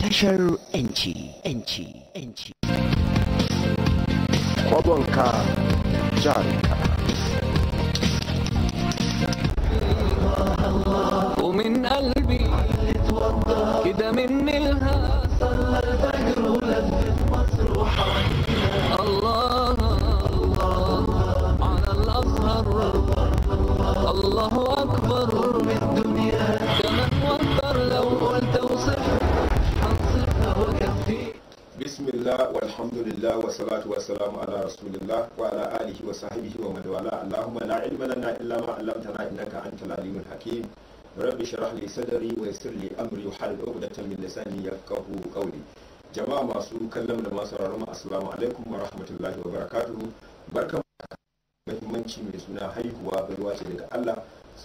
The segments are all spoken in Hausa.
tashar 'yanci 'yanci 'yanci kwabonka jarinka ومن قلبي كده مني لها alhamdulillah walhamdulillah wa salatu wa salamu ala rasulillah wa ala alihi wa sahbihi wa man wala allahumma la ilma lana illa ma 'allamtana innaka antal alimul hakim rabbi shrah li sadri wa yassir li amri wa hal 'uqdatan min lisani yafqahu qawli jama'a masu kallon da masu sauraron mu assalamu alaikum wa rahmatullahi wa barakatuhu Barka mai suna haihuwa baiwa ce daga Allah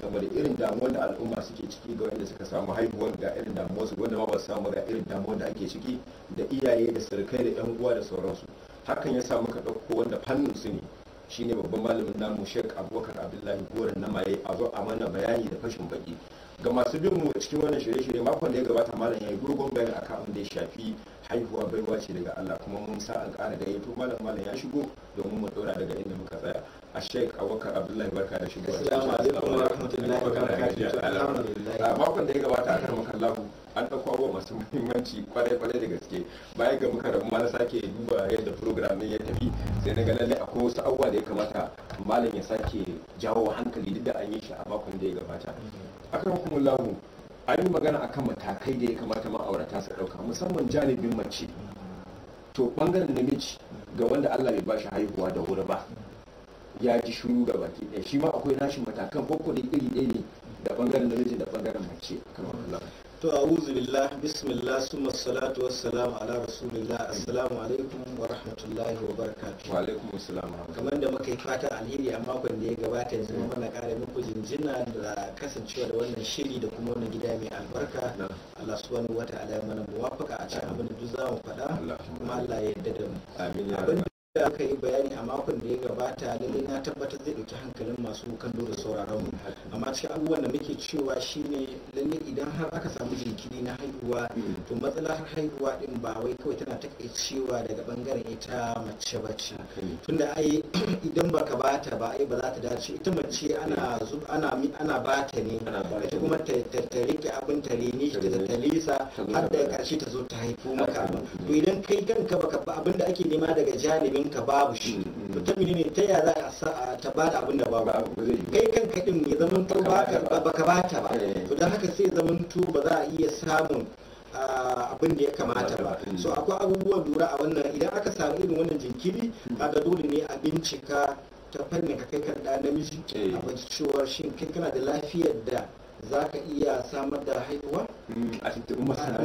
saboda irin damuwar da al'umma suke ciki ga wanda suka samu haihuwar ga irin damuwar su wanda ma ba samu ga irin damuwar da ake ciki da iyaye da sarkai da yan uwa da sauransu hakan ya sa muka dauko wanda fannin su ne shine babban malamin namu shek Abubakar Abdullahi Goran na maye a zo a mana bayani da fashin baki ga masu bin mu cikin wannan shirye-shirye makon da ya gabata malam ya yi dogon bayani akan abin da ya shafi haihuwa baiwa ce daga Allah kuma mun sa an da yato malam malam ya shigo domin mu ɗora daga inda muka tsaya a sheik abubakar abdullahi barka da shigo assalamu alaikum wa rahmatullahi wa barakatuh alhamdulillah makon da ya gabata a karmaka Allah an dauko abubuwa masu muhimmanci kwarai kwarai da gaske bayan ga muka rabu na sake duba yadda program ya tafi sai na ga lallai akwai wasu abubuwa da ya kamata malam ya sake jawo hankali duk da an yi shi a makon da ya gabata mm-hmm. akan hukumullahu an yi magana akan matakai da ya kamata ma'aurata su ɗauka musamman janibin mace to ɓangaren namiji ga wanda allah bai bashi haihuwa da wuri ba ya ji shuru ga baki ɗaya shi ma akwai nashi matakan ko iri ɗaya ne da ɓangaren namiji da bangaren mace kamar to a'udhu billahi bismillah summa salatu wassalam ala rasulillah assalamu alaikum wa rahmatullahi wa barakatuh wa alaikum assalam kamar da muka yi fata alheri a makon da ya gabata yanzu mun na kare muku jinjina da kasancewa da wannan shiri da kuma wannan gida mai albarka Allah subhanahu wa ta'ala ya mana muwafaka a cikin abin da duk za mu faɗa kuma Allah ya yarda da mu amin da aka yi bayani a makon da ya gabata lalle na tabbatar zai dauki hankalin masu kallo da sauraron mu amma cikin abubuwan da muke cewa shine lalle idan har aka samu jinkiri na haihuwa to matsalar haihuwa din ba wai kawai tana takaicewa daga bangaren ita mace bace tunda ai idan baka bata ba ai ba za ta dace ita mace ana ana ana bata ne ita kuma ta ta rike abin ta rini ta talisa har da karshe ta zo ta haifo maka to idan kai kanka baka abin da ake nema daga janibin ka babu shi to ta mene ne ta ya za a ta ba da abin da babu kai kan din ya zama to ba ka ba ta ba eh. to don haka sai zaman to ba za a iya samun abin da ya kamata ba so akwai abubuwan lura a wannan idan aka samu irin wannan jinkiri hmm. kaga dole ne a bincika ta fannin ka kai kan da namiji eh. a bincikewar shin kai kana da lafiyar da za ka iya samar da haihuwa hmm,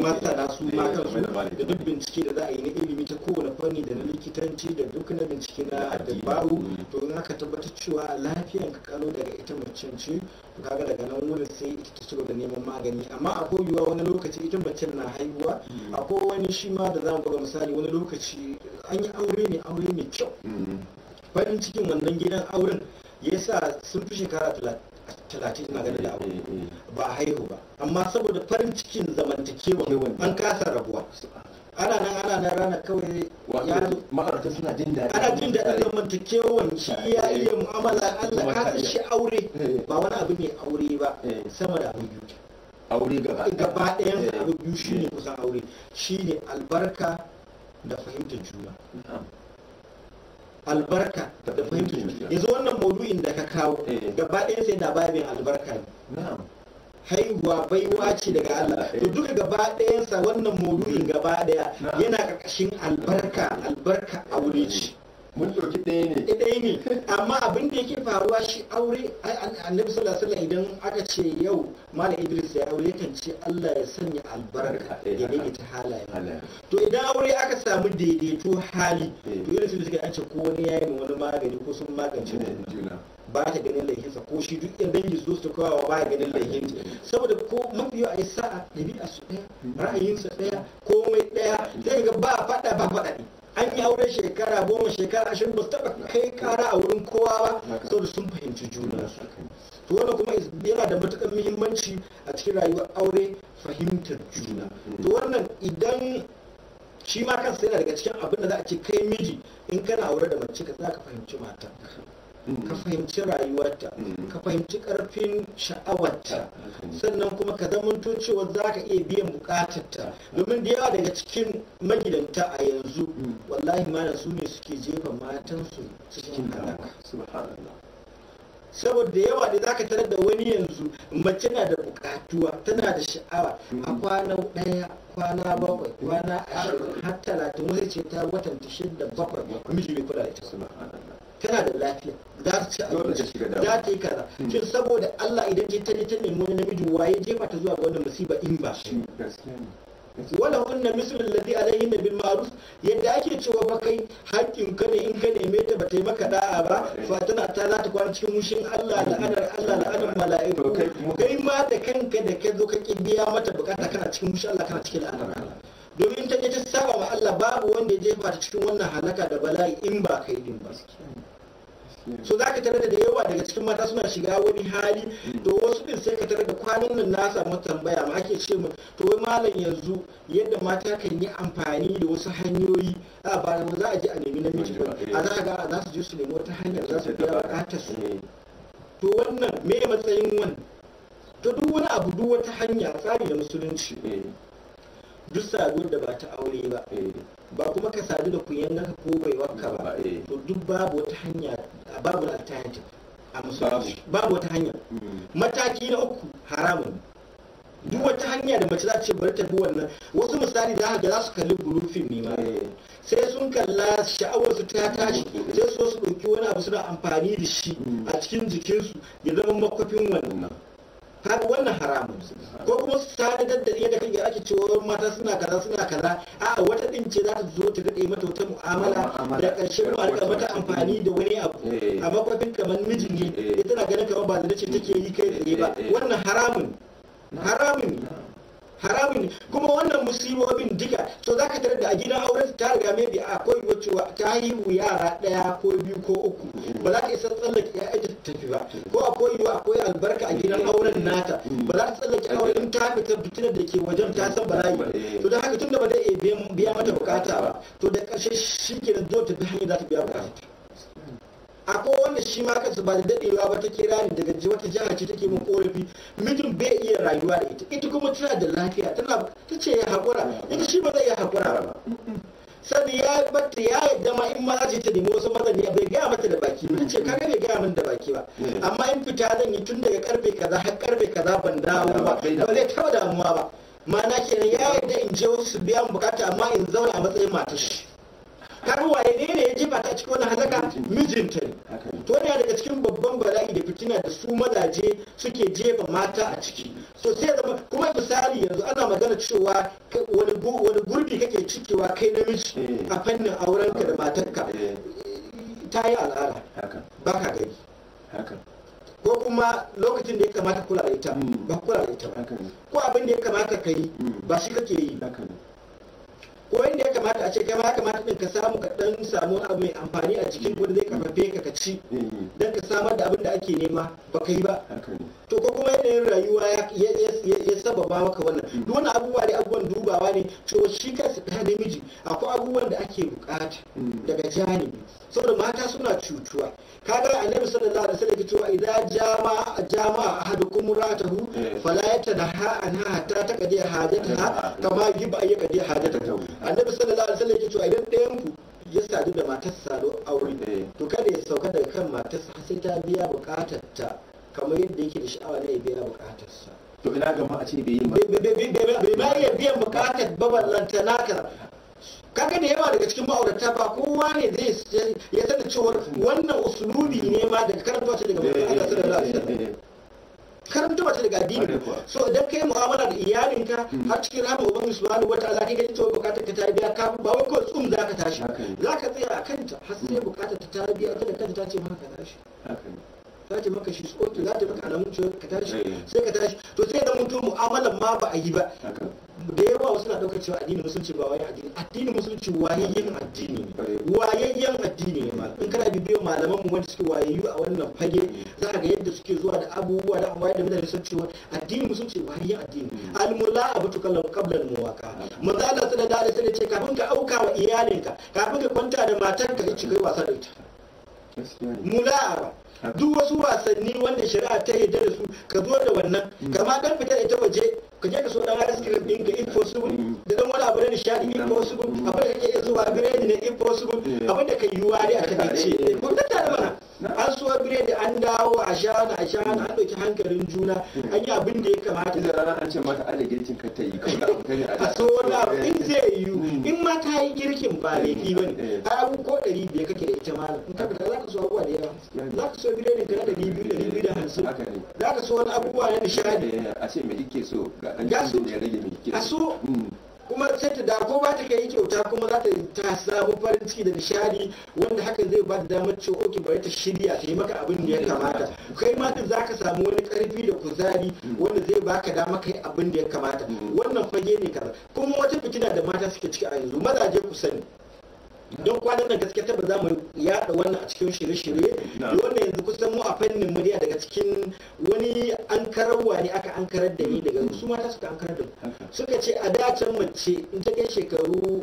masana su eh, su da duk bincike da za a yi na ilimi ta kowane fanni da na likitanci da duk na bincike na dabaru hmm. to in ka tabbatar cewa lafiyan ka kalo daga ita macen ce kaga daga nan wurin sai ita ta cigaba da neman magani amma akwai yiwuwa wani lokaci ita macen na haihuwa hmm. akwai wani shi ma da za mu buga misali wani lokaci an yi aure ne aure mai kyau farin cikin wannan gidan auren ya sa sun fi shekara talatin talatin ina ganin da mm, mm, mm. ba a haihu ba amma saboda farin cikin zamantakewa an kasa rabuwa ana nan ana nan rana kawai ya zo ma'aurata suna jin daɗi ana jin daɗin zamantakewan shi ya iya mu'amala Allah ka shi aure eh. ba wani abu ne aure ba eh. sama da abu biyu aure gaba gaba ɗayan eh. abu biyu shine kusan aure shine albarka da fahimtar juna albarka da fahimta yanzu wannan maudu'in da ka kawo eh, eh. gaba ɗaya sai na babin albarka ne haihuwa baiwa ce daga Allah to duka gaba ɗayansa wannan maudu'in gaba ɗaya yana ƙarƙashin albarka albarka a wuri ce mun ɗauki ɗaya ne ɗaya ne amma abin da yake faruwa shi aure annabi sallallahu alaihi idan aka ce yau mala idris ya aure kan ce allah ya sanya albarka ya ta halaye to idan aure aka samu daidaito hali to yana eh. suke an ce ko wani ya yi wani magani ko sun magance juna ba ta ganin laihinsa ko shi duk yan zo su kawo kawawa ba ganin laihinsa saboda ko mafi yau a yi sa'a ɗabi'a su ɗaya ra'ayinsa ɗaya komai ɗaya sai ga ba faɗa ba faɗa an yi aure shekara goma shekara ashirin ba su taɓa kai kara a wurin kowa ba saboda sun fahimci juna su to wannan kuma yana da matuƙar muhimmanci a cikin rayuwar aure fahimtar juna to wannan idan shi ma kansa yana daga cikin abin da za a ce kai miji in kana aure da mace ka za ka fahimci mata ka fahimci rayuwarta mm. ka fahimci karfin sha'awarta sannan kuma ka zamanto cewa za ka iya biyan bukatarta domin da yawa daga cikin magidanta a yanzu mm. wallahi mana su ne suke jefa matansu cikin halaka saboda yawa da ka tarar da wani yanzu mace na da bukatuwa tana da sha'awa mm. a kwana daya kwana bakwai kwana ashirin har talatin wasu ce ta watan ta da bakwai miji bai kula da ita tana da lafiya za ta ci abinci za ta yi kaza hmm. shin saboda Allah idan ce ta ta nemi wani namiji waye jefa ta zuwa ga wannan masiba in ba shi hmm, wala hunna mislul ladhi alayhi bil ma'ruf yadda ake cewa ba kai haƙƙin ka ne in ka neme ta ba yi maka da'a ba fa tana ta za ta kwana cikin mushin Allah anar Allah anar mala'iku kai ma da kanka da ka zo ka biya mata bukata kana cikin mushin Allah kana cikin anar Allah domin ta je ta saba ma Allah babu wanda ya jefa ta cikin wannan halaka da bala'i in ba kai din ba so za ka tarar da yawa daga cikin mata suna shiga wani hali to wasu din sai ka tarar da kwanan nan na samu tambaya ma ake ce min to wai malam yanzu yadda mata kan yi amfani da wasu hanyoyi a ba za a je a nemi namiji ba a za ga za su je su nemi wata hanyar za su biya bukatar su to wannan me matsayin wani. to duk wani abu duk wata hanya tsari da musulunci eh. duk sabuwar da ba ta aure ba eh. ba kuma ka sadu da kuyanganka ko waka ba eh. to duk babu wata hanya babu alternative a musulunci babu wata hanya hmm. mataki na uku haramun duk wata hanya da mace za ce bari ta bi wannan wasu misali za ga za su kalli gurufin ne ma eh. sai sun kalla sha'awar su ta tashi hmm. sai su su ɗauki wani abu suna amfani da shi hmm. a cikin jikinsu ya zama makwafin wannan har wannan haramun ko kuma su sadadar da yadda kake ake cewa mata suna kaza suna kaza a wata din ce za ta zo ta daɗe mata wata mu'amala da ƙarshen ma rika mata amfani da wani abu eh. a makwafin kamar mijin ne ya eh. tana ganin kamar ba da ce take yi kai tsaye ba eh, wannan haramun haramun haramun kuma wannan musibobin duka so za ka tarar da a gidan auren ta riga mai biya akwai yiwuwa cewa ta haihu yara daya ko biyu ko uku ba za ka isa tsallake ya'ya ta tafi ba ko a wa ko akwai albarka a gidan auren nata ba za ta tsallake auren ta fita fitinar da ke wajen ta san bala'i to da haka tun da ba zai iya biya mata bukata ba to da ƙarshe shi ke da zo ta bi hanyar za ta biya bukata akwai wanda shi ma kansu ba da dadewa ba ta kira ni daga wata jiha ce take min korafi Mutum bai iya rayuwa da ita ita kuma tana da lafiya tana ta ce ya haƙura ita shi ba zai iya haƙura ba sani ya batta ya yadda ma in ma za ta nemi wasu mazaniya bai gaya mata da baki ba ce kaga bai gaya min da baki ba hmm. amma in fita zan yi tun daga karfe kaza har karfe kaza ban dawo ba ba zai taba damuwa ba ma'ana kenan ya yadda in je wasu biyan bukata amma in zauna a matsayin matar shi har waye ne ya jefa ta cikin wani halaka mijinta ne to ne daga cikin babban bala'i da fitina da su mazaje suke jefa mata a ciki so sai zama kuma misali yanzu ana magana cewa wani gurbi kake cikewa kai namiji eh. a fannin aurenka da matarka eh. ta yi al'ada ba ka gani ko kuma lokacin da ya kamata kula da ita hmm. ba kula da ita ba ko abin da ya kamata ka yi hmm. ba shi kake yi ko inda ya kamata a ce kai ma kamata din ka samu ka dan samu abu mai amfani a cikin gudu zai karfafe ka ka ci mm-hmm. dan ka samar da abin da ake nema ka yi ba to ko kuma yanayin rayuwa ya sababa maka wannan mm-hmm. duk wani abubuwa ne abubuwan dubawa ne to shi kansa ta namiji akwai abubuwan da ake bukata mm-hmm. daga jani saboda mata suna cutuwa kaga annabi sallallahu alaihi wasallam cewa idza jama jama ahadukum ratahu eh. fala yatadaha anha hatta taqdi hajataha kama yiba ayyaka hajatahu annabi sallallahu alaihi wasallam yake cewa idan ɗayan ku ya sadu da matarsa don aure to kada ya sauka daga kan sa sai ta biya bukatar ta kamar yadda yake da sha'awa na ya biya sa to ina gama a ce bai yi bai ma iya biyan bukatar baballanta naka kaga da yawa daga cikin ma'aurata ba kowa ne zai ya sanin cewa wannan usulubi ne ma daga ce daga manzon Allah sallallahu alaihi wasallam karanta ba ta daga addini so idan kai mu'amala da iyalinka hmm. har cikin ramin ubangiji subhanahu ta'ala kai kace cewa bukatar ta tarbiya ka ba wai ko tsum zaka tashi zaka tsaya a kanta har sai hmm. bukatar ta tarbiya ta da kanta ta ce maka tashi za ta maka shi tsoki za ta maka alamun ka tashi eh. sai ka tashi to sai da mutum mu'amalan ma ba a yi ba da yawa wasu na ɗaukar cewa addinin musulunci ba wai addini addinin musulunci wayayyen addini wayayyen addini ne ma in kana bibiyar malaman mu wanda suke wayayyu a wannan fage za ga yadda suke zuwa da abubuwa da amma da mutane sun cewa addinin musulunci wayayyen addini mm. almula abatu kallam qabla almuwaka manzo Allah sallallahu alaihi wasallam ce kafin ka auka wa iyalinka kafin ka kwanta da matarka ka ci kai wasa da ita mula'a duk wasu wasanni wanda shari'a ta yi da su ka zo da wannan mm. kama dan fita ita waje ka je ka so dan ice cream din ka impossible mm. da dan wani abu da nishadi impossible mm. abin da kake iya zuwa biredi ne impossible abin da ka yiwuwa dai a takaice ko ta tare mana upgrade an dawo a shana a shana an ɗauki hankalin juna an yi abin da ya kamata da rana an ce mata ala girkin ka ta yi a so wani abu in zai yiwu hmm. in ma ta yi girkin ba laifi ba ne eh. a abu ko ɗari biyar kake da ita malam in ka za ka so abubuwa da yawa za ka so biredin ka na ɗari biyu ɗari biyu da hamsin za ka so wani abubuwa na nishadi eh, a ce me kike so ga ɗan da ya rage me kike so hmm. kuma sai ta da ko ba ta kai kyauta kuma za ta ta samu farin ciki da nishadi wanda hakan zai ba da damar cewa oke bari ta shirya ta yi maka abin da ya kamata kai ma za ka samu wani karfi da kuzari wanda zai baka dama kai abin da ya kamata wannan fage ne kaza kuma wata fitina da mata suke ciki a yanzu mazaje ku sani don kwanan nan gaskiya ta ba za mu yada wannan a cikin shirye-shirye wannan yanzu kusan mu a fannin murya daga cikin wani an karawa ne aka an karar da ni hmm. daga su mata suka an karar da mu suka ce a da mace in ta kai shekaru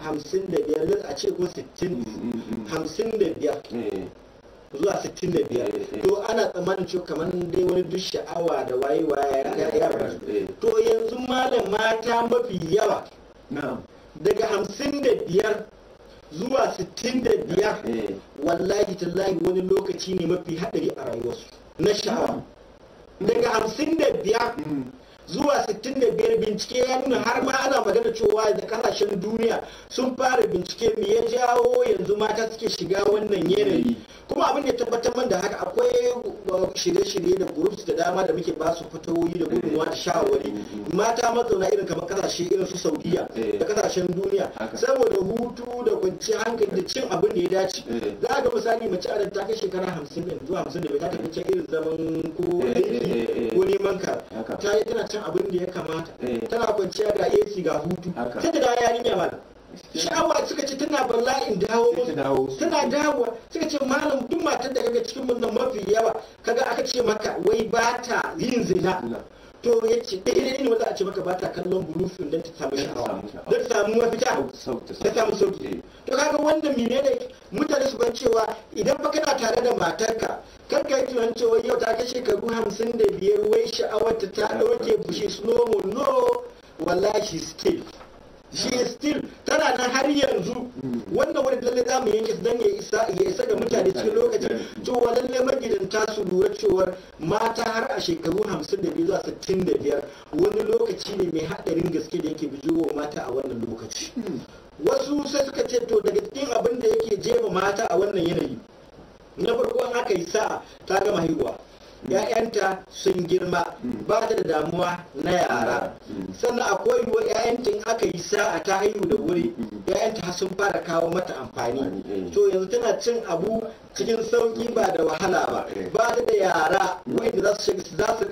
hamsin da biyar a ce ko sittin hmm, hmm, hamsin da biyar eh. zuwa 65 eh, eh. to ana tsammanin cewa kamar dai wani duk sha'awa da waye waye ya to yanzu malam mata mafi yawa daga 55 zuwa 65 eh. wallahi tallahi wani lokaci ne mafi haɗari a rayuwarsu na sha'awa mm. daga 55 zuwa 65 bincike ya nuna har ma ana magana cewa da kasashen duniya sun fara bincike mai ya jawo yanzu mata suke shiga wannan yanayi kuma abin da tabbatar man da haka akwai uh, shirye-shirye da groups da dama da muke basu fitowoyi da gudunmuwa da shawari mata mazauna irin kamar kasashe irin su saudiya da kasashen duniya saboda hutu da kwanci hankali da cin abin da ya dace eh. za ga misali mace a ta kai shekara hamsin yanzu hamsin da bai ta tafi irin zaman ko eh, aiki eh, ko neman ta yi tana cin abin da ya kamata eh. tana kwanciya ga AC ga hutu sai ta dawo yarinya ba sha'awa suka ce tana bala'in dawo tana dawo suka ce malam duk matar da kaga cikin mun mafi yawa kaga aka ce maka wai ba ta yin zina to ya ce da ne a ce maka ba ta kallon burufin don ta samu sha'awa don ta samu mafita ta samu sauki to kaga wanda mine ne mutane su ban cewa idan baka kana tare da matarka kar ka yi tunanin cewa yau ta kai shekaru hamsin da biyar wai sha'awar ta ɗauke bushe slow no wallahi still shi still tana nan har yanzu wannan wani lalle za mu yanke dan ya isa ya isa ga mutane cikin lokacin cewa lalle magidanta su lura cewa mata har a shekaru 52 zuwa 65 wani lokaci ne mai haɗarin gaske da yake bijowa mata a wannan lokaci wasu sai suka ce to daga cikin abin da yake jefa mata a wannan yanayi na farko an aka yi sa'a ta gama haihuwa 'ya'yanta sun girma ba da damuwa na yara sannan akwai yiwuwar 'ya'yanta in aka yi sa'a ta haihu da wuri 'ya'yanta sun fara kawo mata amfani to yanzu tana cin abu cikin sauki ba da wahala ba ba da yara wanda za su za su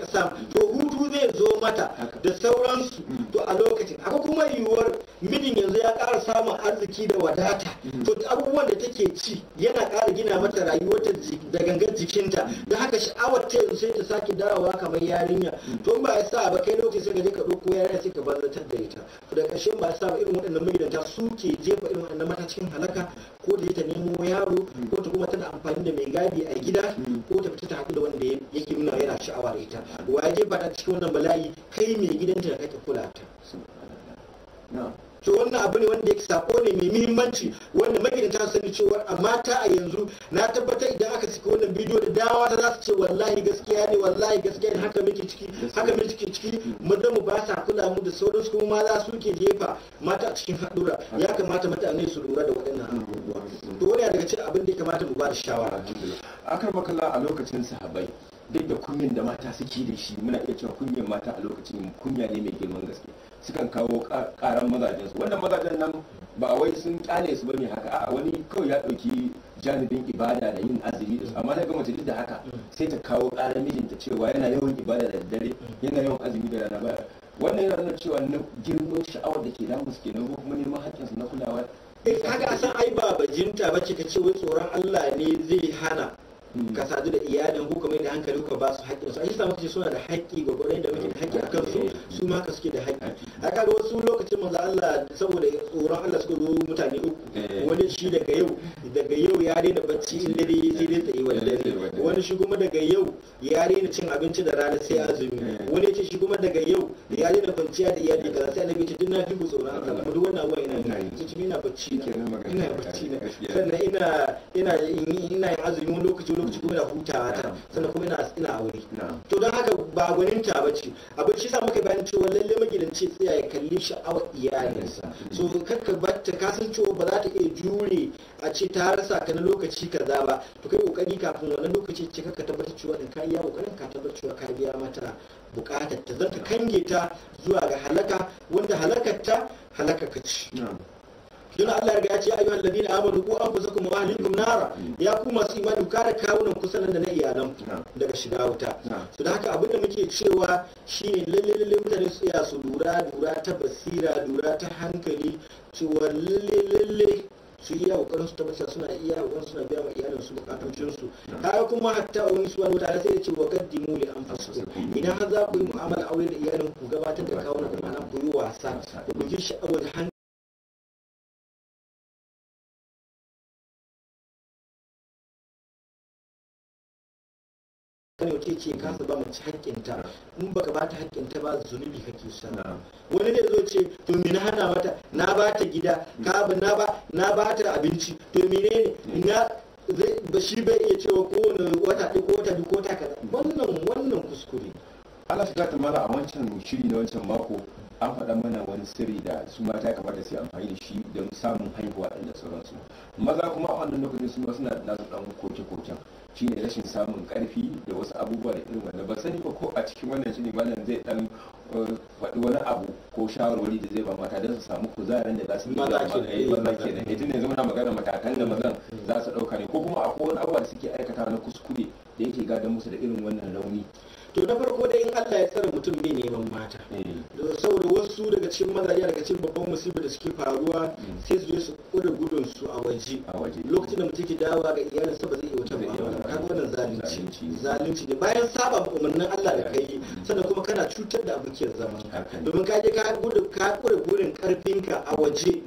to hutu zai zo mata da sauransu to a lokacin akwai kuma yiwuwar mijin yanzu ya kara samun arziki da wadata mm. to abubuwan da take ci yana kara gina mata rayuwarta da gangar jikinta da haka sha'awar ta yanzu sai ta sake dawowa kamar yarinya mm. to ba ya sa ba kai lokaci sai ka je ka ɗauko yarinya sai ka banzatar da ita to da ƙarshe ba ya sa ba irin waɗannan magidanta su ke jefa irin waɗannan mata cikin halaka ko da ta nemo yaro mm. ko ta kuma tana amfani da mai gadi a gida ko ta fita ta haɗu da wanda yake nuna yana sha'awa da ita wa ya jefa ta cikin wannan bala'i kai mai gidanta da kake kula ta. to wannan abu ne wanda yake sako ne mai muhimmanci wanda magidanta su sani cewa a mata a yanzu na tabbatar idan aka saki wannan bidiyo da dawa za su ce wallahi gaskiya ne wallahi gaskiya ne haka muke ciki haka muke ciki madan mu ba sa kula mu da sauransu kuma maza su ke jefa mata a cikin haɗura ya kamata mutane su lura da waɗannan abubuwa to wani daga cikin abin da ya kamata mu ba da shawara akar makalla a lokacin sahabai duk da kunyan da mata suke da shi muna iya cewa kunyan mata a lokacin kunya ne mai girman gaske sukan kawo karan mazajen su wannan mazajen nan ba wai sun kyale su bane haka a wani kawai ya dauki janibin ibada da yin azumi da su amma daga mace duk da haka sai ta kawo karan mijinta cewa yana yawan ibada da dare yana yawan azumi da rana baya wannan yana nuna cewa na girman sha'awar da ke damu su kenan ko kuma neman haƙƙinsu na kulawa eh, kaga san ai ba bajinta ce ka ce wai tsoron Allah ne zai hana ka sadu da iyalin ku kamar da hankali ku ba su haƙƙin su a yasa muka ce suna da haƙƙi ga gurin da muke da haƙƙi akan su su ma ka suke da haƙƙi a kaga wasu lokacin manzo Allah saboda tsoron Allah suka zo mutane uku eh. wani shi daga yau daga yau ya daina bacci in dare sai dai tsaye wani dare wani shi kuma daga yau ya daina cin abinci da rana sai azumi eh. wani ce shi kuma daga yau ya daina kwanciya da iyali kaza sai annabi ce duk na jibu tsoron Allah kuma duk wannan abuwa ina yi cikin ina bacci na ina bacci na sannan ina ina ina yin azumi wani lokaci namiji kuma yana hutawa ta sannan kuma ina ina aure to don haka ba gwaninta ba ce abin shi sa muka bayan cewa lalle magidanci tsaya ya kalli sha'awar iyalinsa so kakka batta ka san cewa ba za ta iya jure a ce ta rasa ka na lokaci kaza ba to kai kokari kafin wannan lokaci ce kakka tabbatar cewa din ka iya kokarin ka tabbatar cewa ka biya mata bukatar ta zaka kange ta zuwa ga halaka wanda halakar ta halaka ka ci don Allah ya ya ce ayyuhal ko amanu ku anfusakum wa ahlikum nara ya ku masu imani ku kare kawunan nan da na iyalan daga shiga wuta to da haka abin da muke cewa shine lalle lalle mutane su iya su lura lura ta basira lura ta hankali cewa lalle lalle su yi iya kokarin su tabbata suna iya kokarin suna biya wa iyalan su bukatun su kaga kuma hatta wani suwa wuta tare sai ya ce wa qaddimu li anfusikum idan har za ku yi mu'amala aure da iyalin ku gabatar da kawunan da ma'ana ku yi wasa ku ji sha'awar hankali wace ce kasa ba mace haƙƙinta in baka ba ta haƙƙinta ba zunubi kake sana wani ne zo ce to me na hana mata na ba ta gida ka na ba na ba ta abinci to ne na ba shi bai iya cewa kowane wata duk ko wata duk ko ta kaza wannan wannan kuskure Allah shiga ta mala a wancan shiri na wancan mako an faɗa mana wani sirri da su mata ya kamata su yi amfani da shi don samun haihuwa ɗin da sauransu maza kuma a wannan lokacin su ma suna da nasu ɗan koke-koken shine rashin samun karfi da wasu abubuwa da irin wanda ba sani ba ko a cikin wannan shine malam zai dan uh, faɗi wani abu ko shawarwari da zai ba mata don su samu kuzarin da za su yi maza da ya tunda da zama eh, magana matakan da mazan hmm. za su ɗauka ne ko kuma akwai wani abubuwa da suke aikata na kuskure da yake gadon musu da irin wannan rauni to na farko dai in Allah ya tsare mutum bai neman mata mm. saboda wasu daga cikin mazaje daga cikin babban musibi da suke faruwa mm. sai su je su kure gudun su a waje lokacin da mutum ke dawowa ga iyalin sa ba zai iya wata ba kaga wannan zalunci zalunci ne bayan saba umarnin Allah da kai mm. sannan kuma kana cutar da abokiyar zama domin ka je ka gudu ka gurin karfinka a waje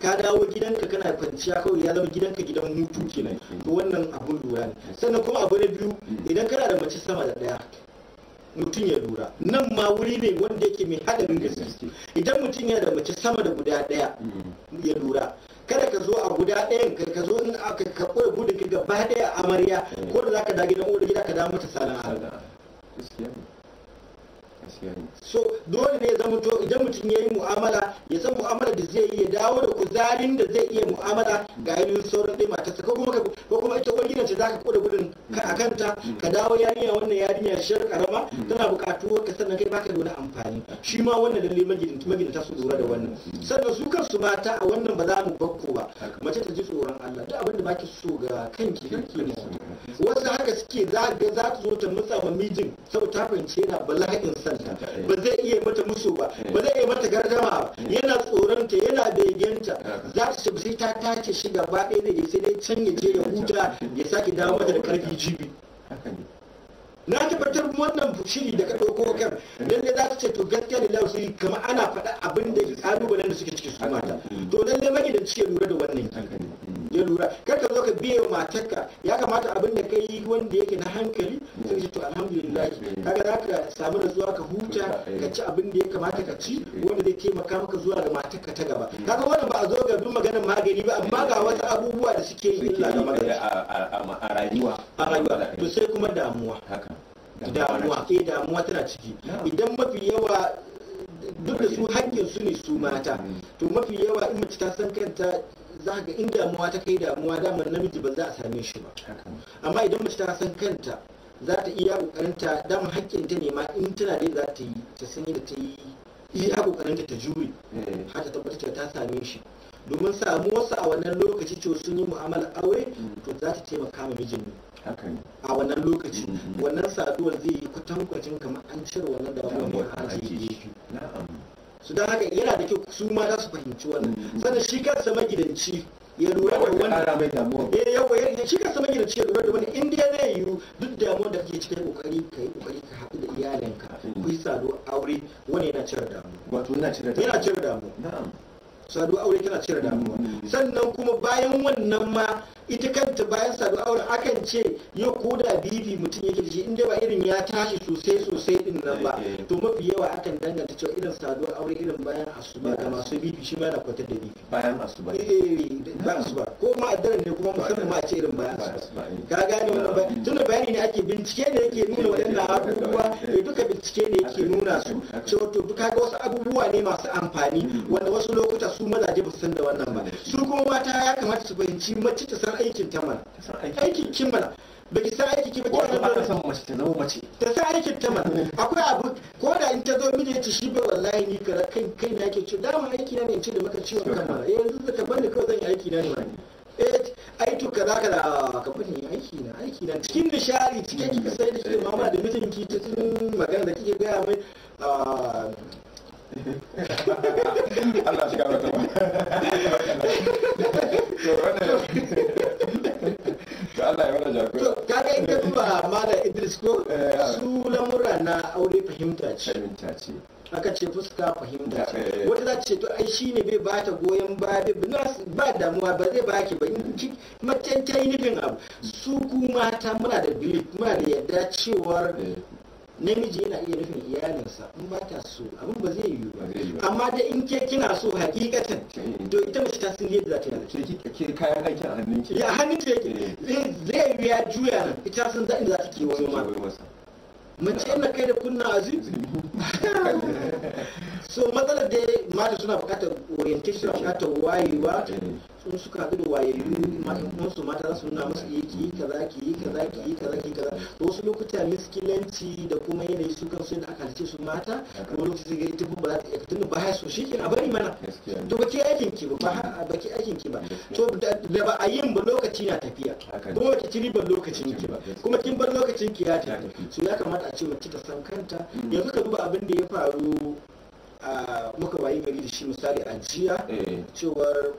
ka dawo gidanka kana kwanciya kawai ya zama gidanka gidan hutu kenan to wannan abun lura ne sannan kuma abu na biyu idan kana da mace sama da daya mutum ya lura nan ma wuri ne wanda yake mai hadarin gaske idan mutum ya da mace sama da guda daya ya lura kada ka zo a guda ɗayan ka zo in aka ka gudun ka gaba ɗaya amarya ko da zaka da gidan uwar gida ka da mata sana'a so dole ne zama to idan mutum ya yi mu'amala ya san mu'amala da zai yi ya dawo da kuzarin da zai iya mu'amala ga yi sauran ɗaya matarsa ko kuma ko kuma ita gina ce za ka koda gudun a kanta ka dawo yarinya wannan yarinya shar karama tana buƙatuwar ka sannan kai baka da wani amfani shi ma wannan lalle magidanta su lura da wannan sannan su kansu mata a wannan ba za mu bakko ba mace ta ji tsoron Allah duk abin da baki so ga kanki kake da ne wasu haka suke za ga ta zo ta musa ma mijin saboda ta fahimci yana bala'in san ba zai iya mata musu ba ba zai iya mata gargama ba yana tsoronta yana begenta za ta ce sai ta tace shi gaba ɗaya da ya sai dai can ya je ya huta ya sake dawo mata da karfi jibi na tabbatar wannan shiri da ka ɗauko kan lalle za ta ce to gaskiya da lafi kamar ana faɗa abin da ƙalubalen da suke cikin su mata to lalle magidanci ya lura da wannan ya lura kar ka zo ka biya wa matarka ya kamata abin da kai wanda yake na hankali sai ce to alhamdulillah kaga za ka samu da zuwa ka huta ka ci abin da ya kamata ka ci wanda zai taimaka maka zuwa ga matarka ta gaba kaga wannan ba a zo ga bin maganar magani ba amma ga wasu abubuwa da suke yi illa ga magani a rayuwa a rayuwa to sai kuma damuwa damuwa ke eh, damuwa tana ciki idan mafi yawa duk da su hankin su ne su mata mm. to mafi yawa in mace ta san kanta za ga in damuwa ta kai damuwa damar namiji ba za a same shi ba amma idan mace ta san kanta za ta iya kokarinta damar hakkin ta nema ma in tana dai za ta yi ta sanya da ta yi iya kokarinta ta jure har ta tabbatar ta same shi domin wasu a wannan lokaci to sun yi mu'amala aure to za ta taimaka ma mijin ne a wannan lokaci mm-hmm. wannan saduwar zai yi kwatankwacin kamar an cire wannan damuwar da ake su don haka yana da kyau su ma za su fahimci wannan sannan shi kansa magidanci ya lura da wani eh, ya yawa ya shi kansa magidanci ya lura da wani in dai zai yiwu duk damuwar da kake cikin kokari ka yi kokari ka haɗu da iyalinka ku yi sado aure wani yana cire damuwa wato yana cire damuwa yana cire damuwa sadu aure tana cire damuwa mm-hmm. sannan kuma bayan wannan ma ita kanta bayan saduwa aure akan ce ya koda bibi mutum yake da shi inda ba irin ya tashi sosai sosai din nan ba eh, eh. to mafi yawa akan danganta cewa irin saduwa aure irin bayan asuba da masu bibi shi ma na kwatar da bibi bayan asuba eh ba asuba ko ma addaran ne kuma musamman ma a ce irin bayan asuba eh. ka gane wannan ba tunda bayani ne ake bincike ne yake nuna wadannan abubuwa to duka bincike ne yake nuna su cewa to duka ga wasu abubuwa ne masu amfani mm. wanda wasu lokuta su mazaje ba su san da wannan ba mm. su kuma mata ya kamata su fahimci mace ta san aikin ta mana aikin kin mana ba ki san aiki ki ba ki ba san mace ta zama mace ta san aikin ta mana akwai abu ko da in ta zo miji ya ci shi ba wallahi ni kara kan kai na ke ci mu aiki na ne in ci da maka ciwon kan mana eh, yanzu ka bani kawai zan yi aiki na ne ba eh ai to kaza kaza ka bani aiki na aiki na cikin nishari cikin kika sai da kike mama da mijinki ta tun magana da kike gaya mai Allah shiga wata ba. to Allah ya mana jagora to mala Idris ko eh, su lamura na aure fahimta ce fahimta ce aka ce fuska fahimta ce eh. wata za ce to ai shine bai ba ta goyon ba. bai ba damuwa ba zai baki ba in macen ta yi nufin abu su ku mata muna da bilik muna da yadda cewar eh. namiji yana iya nufin iyalinsa in ba ta so abin ba zai yiwu ba amma da in ke kina so hakikatan to ita mace ta sun yadda za ta yi ke kayan haƙƙin hannunki ya hannunki yake eh. zai yiwu ya juya nan ita sun zaɗin za ta ke wani ma mace ina kai da kunna azu so matsalar da mata suna buƙatar orientation suna buƙatar wayewa eh. sun suka haɗu da wayayyu ma kuma su mata su nuna musu yi eh, ki yi kaza ki yi kaza ki yi kaza ki kaza to wasu lokuta miskilanci da kuma yanayi su kan sun da aka halice su mata wani lokaci ga ita ba za ta iya tunda ba ya so shi ke a bari mana to ba ki aikin ki ba ba ki aikin ki ba to da ba a yin ba lokaci na tafiya kuma ba ci ribar lokacin ki ba kuma kin bar lokacin ki ya tafi so ya kamata a ce mace ta san kanta mm. yanzu ka duba abin da ya faru muka bayi gari da shi misali a jiya eh. cewar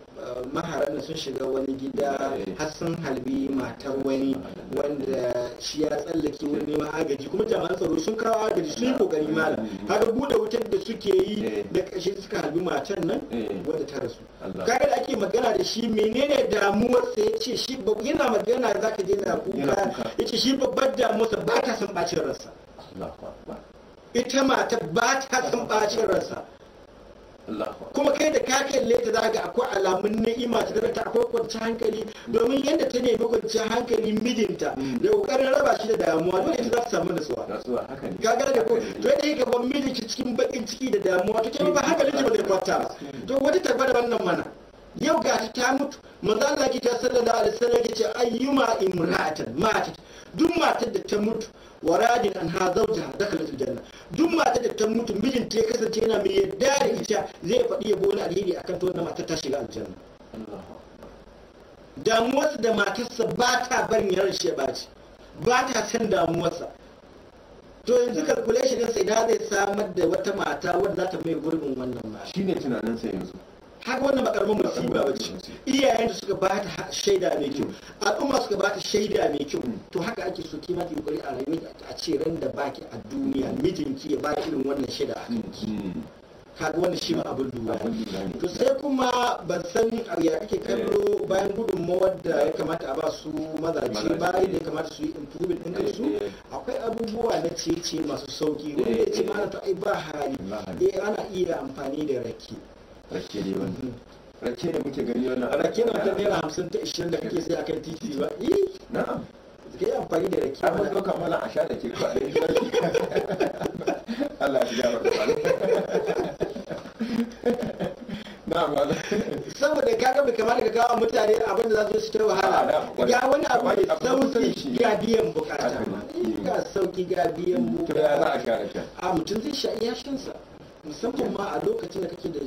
maharan sun shiga wani gida eh. har halbi matar wani wanda shi ya tsallake wani neman agaji kuma jami'an tsaro sun kawo agaji sun yi kokari malam haka eh. bude wutar da suke yi da kashe suka halbi matar nan wadda ta rasu kaga da ake magana da shi menene damuwar sa ce shi yana magana zaka je na kuka ce shi babbar damuwarsa ba ta son bacin rassa. ita mata ba ta san bacin ransa kuma kai da ka kalle ta za ga akwai alamun ni'ima ta ta akwai kwanci hankali domin yadda ta nemi kwanci hankali mijinta mm. da kokarin raba shi da damuwa dole ita za ta samu nasuwa ka ga da ko to yadda yake ban mijinki cikin bakin ciki da damuwa to ke ba hankali ba zai kwanta mm. to wata da wannan mana yau ga ta mutu manzo Allah ki ta sallallahu alaihi wasallam ce ayyuma imra'atan matat duk matar da ta mutu waradin an ha zawjaha dakhalat aljanna duk matar da ta mutu mijinta ya kasance yana mai yadda da ita zai faɗi yabo na alheri akan to wannan mata ta shiga aljanna damuwarsa da matarsa ba ta barin yaran shi ba ce ba ta san damuwarsa to yanzu calculation sai da zai samar da wata mata wadda za ta mai gurbin wannan ma shine sa yanzu haka wannan ba karamin musiba ba ce iyayen da suka ba ta shaida mai kyau al'umma suka ba ta shaida mai kyau to haka ake so kima ki kokari a rayuwa a ce ran da baki a duniya mijinki ya ba irin wannan shaida a kanki hmm. kaga wannan shi ma abin lura to sai kuma ban san ya kake kallo eh. bayan gudunmawar da ya kamata a ba su mazaje bayan da ya kamata su yi improvement din kansu eh, eh, akwai abubuwa na cece masu sauki wanda ya ce ma ta ai ba hali eh ana iya amfani da rake rake ne wani rake ne muke gani A rake na ta naira hamsin ta ishirin da kake sai a kan titi ba yi eh. na'am ka yi amfani da rake a wasu ɗauka mana a sha da ke ba Allah shi gyara da na'am ba saboda ka ga kamar ka kawo mutane abin da za su shi ta wahala ya wani abu ne sauki ga biyan bukata ga sauki ga biyan bukata a mutum zai sha iya shinsa musamman ma a lokacin da kake da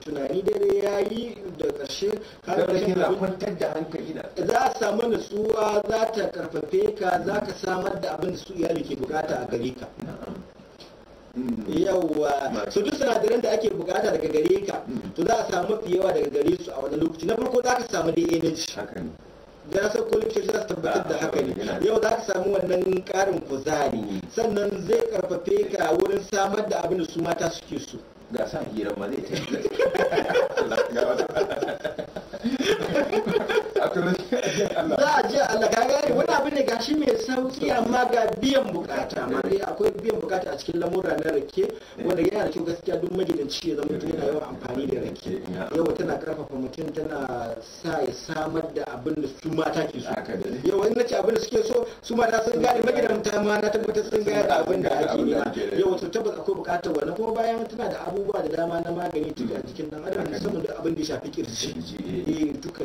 tunani dare ya yi da ƙarshe ka kwantar da hankali za a samu nutsuwa za ta karfafe ka za ka samar da abin da su iyali ke bukata a gare ka mm. yawa su duk sinadaran da ake bukata daga gare ka mm. to za a samu mafi yawa daga gare su a wani lokaci na farko za ka samu da energy ya san ko za su tabbatar da haka ne yau za ka samu wannan karin kuzari sannan zai karfafe ka wurin samar da abin da su mata suke so ga hira ma zai taimaka za a je Allah ka wani abu ne gashi mai sauki amma ga biyan bukata mare akwai biyan bukata a cikin lamura na rake wanda yana da kyau gaskiya duk magidanci ya zama yana yawan amfani da rake yawa tana karfafa mutum tana sa ya samar da abin da su mata ke so yawa in nace abin da suke so su mata sun gane magidanta ma na tabbatar sun gane abin da ake nema yawa to tabbas akwai bukatar wannan kuma bayan tana da abubuwa da dama na magani tun a jikin dan adam musamman da abin da ya shafi kirji eh. eh duka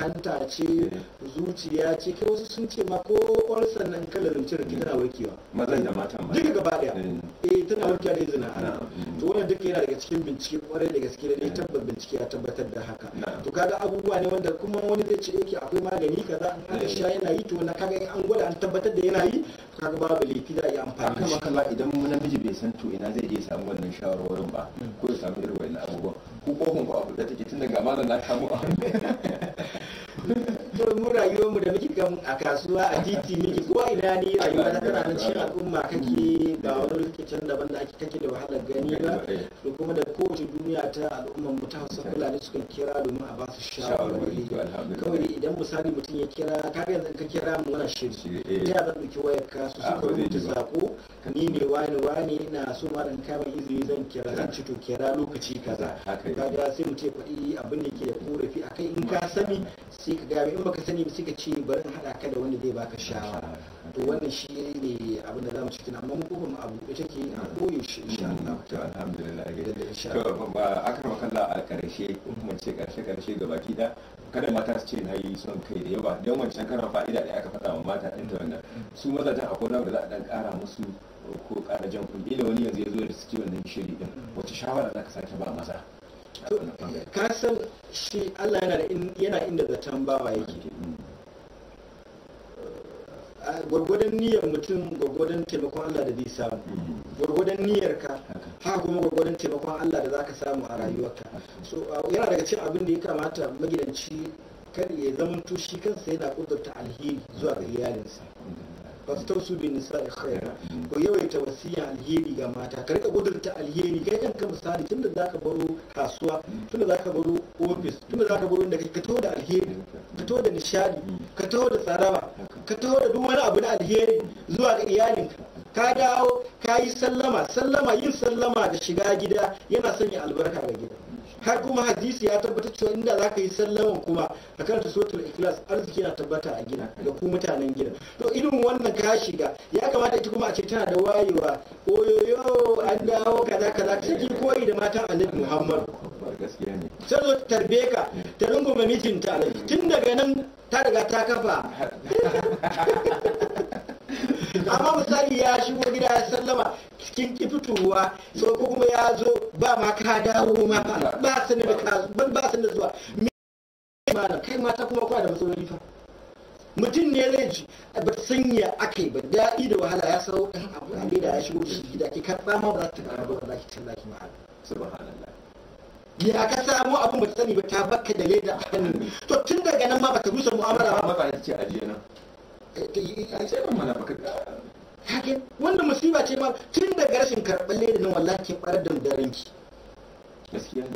hanta ce eh. zuciya ce kai wasu sun ce ma ko olsan nan kalar rincin tana warkewa mazan da mata ba duka gaba daya eh. eh tana warkewa da izina ana mm. to wannan duka yana daga cikin bincike kwarai da gaske da ne tabbar bincike ya tabbatar da haka to kaga abubuwa ne wanda kuma wani zai ce yake akwai magani kaza an sha yana yi to na kaga in an gwada an tabbatar da yana yi kaga babu laifi za a yi amfani da shi kama idan namiji bai san to ina zai je samu wannan shawarwarin ba mm. ko ya samu irin wannan abubuwa. ko kofin ko a da take tun daga malam na kamo a mu rayuwar mu da muke kan a kasuwa a titi muke ko ina ni rayuwa ta tana nan cikin al'umma kake ga wani rikicin daban da ake kake da wahalar gani ba da kuma da kowace duniya ta al'ummar mu ta hausa fulani suka kira domin a ba su shawarwari kawai idan misali mutum ya kira ka yanzu ka kira mu wani shiri eh. ta zan ɗauki wayar ka su ah, suka rubuta sako ni ne wani wani ina so ma dan kama izini zan kira zan ci to kira lokaci kaza kaga sai mu ce kuɗi abin da ke da korafi akai in ka sani sai gami in baka sani ba sai ce bari in haɗa ka da wanda zai baka shawa to wannan shi ne abin da zamu cikin amma mu kuma abu da take yi a koyaushe insha Allah mm, to alhamdulillah to ba aka Allah a karshe kuma ce karshe karshe ga baki da kada mata su ce na yi son kai da yawa don wancan kana fa'ida da aka faɗa wa mata ɗin ta wannan su ta akwai da za a ɗan ƙara musu ko kara jan kun da wani yanzu ya zo da suke wannan shiri ɗin wace shawara za ka sake ba maza a ka san shi Allah yana inda zaton bawa yake gwargwadon niyyar mutum gwargwadon taimakon Allah da zai samu gwargwadon niyyarka ha kuma gwargwadon taimakon Allah da za ka samu a rayuwarka so yana daga cin abin da ya kamata magidanci kan ya zama tushi kansa yana kudurta alheri zuwa ga iyalinsa fastausu bin nisa'i khaira mm. ko yawaita wasiya alheri ga mata ka rika gudurta alheri kai kanka misali tunda zaka baro kasuwa mm. tunda zaka baro office mm. tunda zaka baro inda ka taho da alheri ka taho da nishadi ka taho da tsaraba ka taho da duk wani abu na alheri zuwa ga iyalinka ka dawo ka yi sallama sallama yin sallama da shiga gida yana sanya albarka ga gida har kuma hadisi ya tabbatar cewa inda za ka yi sallama kuma a kan sotar ikilas arziki na tabbata a gina ga ku mutanen gina to irin wannan ka shiga ya kamata ita kuma a ce tana da wayewa oyoyo an dawo kaza kaza ta ji koyi da matan annabi muhammad sai tarbe ka ta rungume mijinta tun daga nan ta riga ta kafa amma misali ya shigo gida ya sallama cikin kifitowa so ko kuma ya zo ba ma ka dawo ma ba ne da ka ba su ne zuwa malam kai mata kuma kuna da matsaloli fa mutum ne zai ji ba sanya ya aka yi ba daɗi da wahala ya sau ɗan abu a da ya shigo shi gida ki karɓa ma ba za ta karɓa ba za ki talla ki ma ya ka samu abin ba sani ba ta baka da leda a hannun to tun daga nan ma ba ta rusa mu'amala ba ba ta ce ajiye nan ta yi ai mana baka hake wannan musiba ce ma tun daga rashin karɓar leda nan wallahi ke ɓarar da daren ki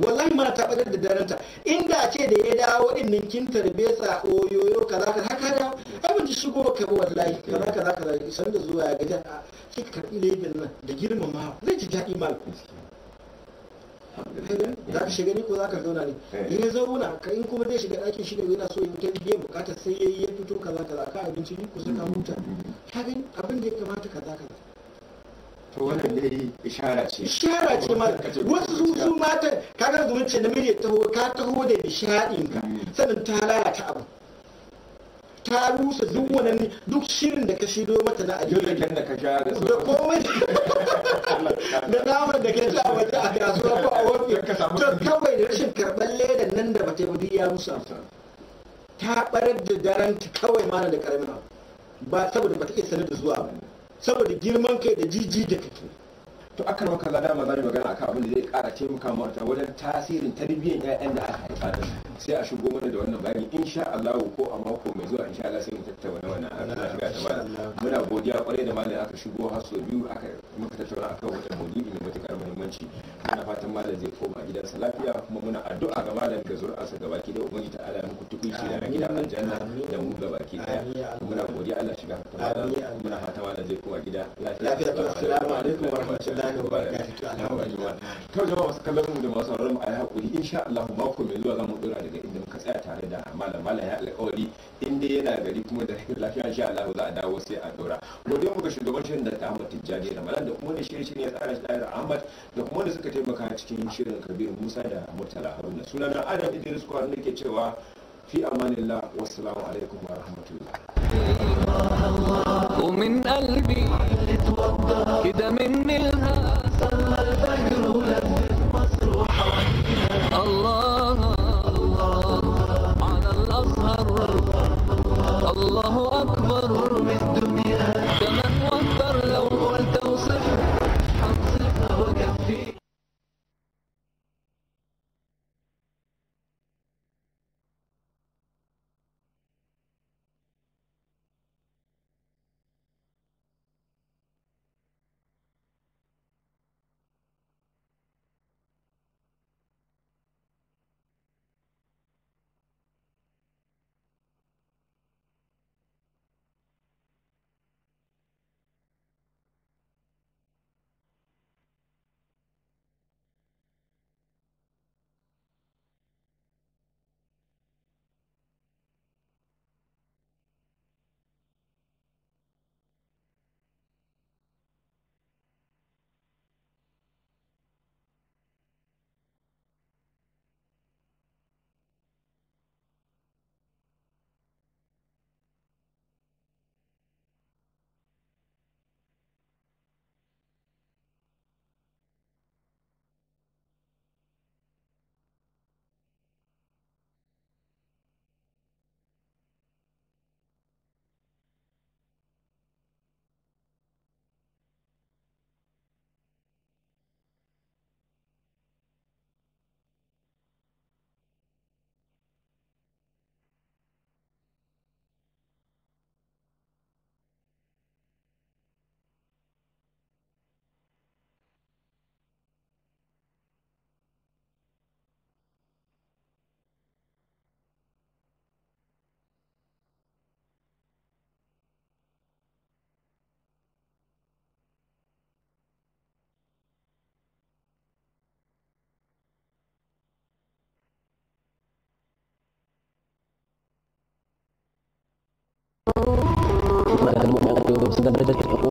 wallahi mana ta ɓarar da daren ta inda a ce da ya dawo in nan kin tarbe sa oyoyo ka zaka haka da abin da shigo ka bi wallahi kaza zaka kaza san da zuwa ya a ki karɓi ledan nan da girmama zai ji daɗi mal za ka shiga ne ko za ka zauna ne eh. in ya zauna ka in kuma zai shiga ɗakin shi ne yana so in ta biyan bukata sai ya yi ya fito kaza kaza ka abinci ne kusa ka huta ka gani abin da ya kamata kaza kaza to wannan dai ishara ce ishara ce ma wasu su su matan kaga zumunci namiji ya taho ka taho da nishadin ka mm. sannan ta lalata abu ta rusa duk wani duk shirin da ka shido mata na ajiyar da ka sha da komai da naman da ka ci a waje a kasuwa ko a wani to kawai da rashin karɓar ledan nan da bata yi ya rusa ta barar da daren ta kawai mana da karamin ba saboda bata iya sanar da zuwa ba saboda girman kai da jijji da kake to aka maka kaza dama za mu magana akan abin da zai ƙara taimaka mu ta wajen tasirin tarbiyyar ƴaƴan da aka haifa da sai a shigo mana da wannan bayani insha Allah ko a mako mai zuwa insha Allah sai mu tattauna wannan abin da shiga ta muna godiya kwarai da malam aka shigo har so biyu aka muka tattauna akan wata maudu'i mai matuƙar muhimmanci muna fatan malam zai koma gidansa lafiya kuma muna addu'a ga malam da zuri'arsa gabaki da ubangi ta ala muku tukunci da gidan aljanna da mu gabaki daya muna godiya Allah shiga ta bana muna fatan malam zai koma gida lafiya assalamu alaikum wa rahmatullahi ta'ala wa barakatuhu ala wa jama'a to jama'a masu kallon mu da masu sauraron mu a hakuri insha Allah mako mai zuwa zamu dora daga inda muka tsaya tare da malam malam ya alƙawari in dai yana gari kuma da lafiya insha Allah za a dawo sai a dora godiya muka shugaban shirin da Ahmad Tijjani Malam da kuma da shirin shirin ya tsara shi da Ahmad da kuma da suka taimaka cikin shirin Kabir Musa da Murtala Haruna sunana Adam Idris Kwar nake cewa في أمان الله والسلام عليكم ورحمة الله ومن قلبي مضادة كده مني لها صلى الفجر ولذت مصر وحواليها الله الله على الأزهر الله أكبر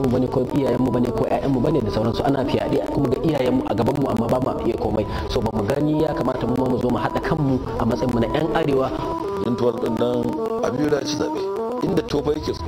bane ko iyayen mu bane ko ƴaƴan mu bane da sauransu ana fiyaɗe kuma ga iyayen mu a gaban mu amma ba mu iya komai so ba mu gani ya kamata mu ma mu zo mu haɗa kanmu a matsayin mu na ƴan arewa dan tuwar nan abiyu da ci inda tofa yake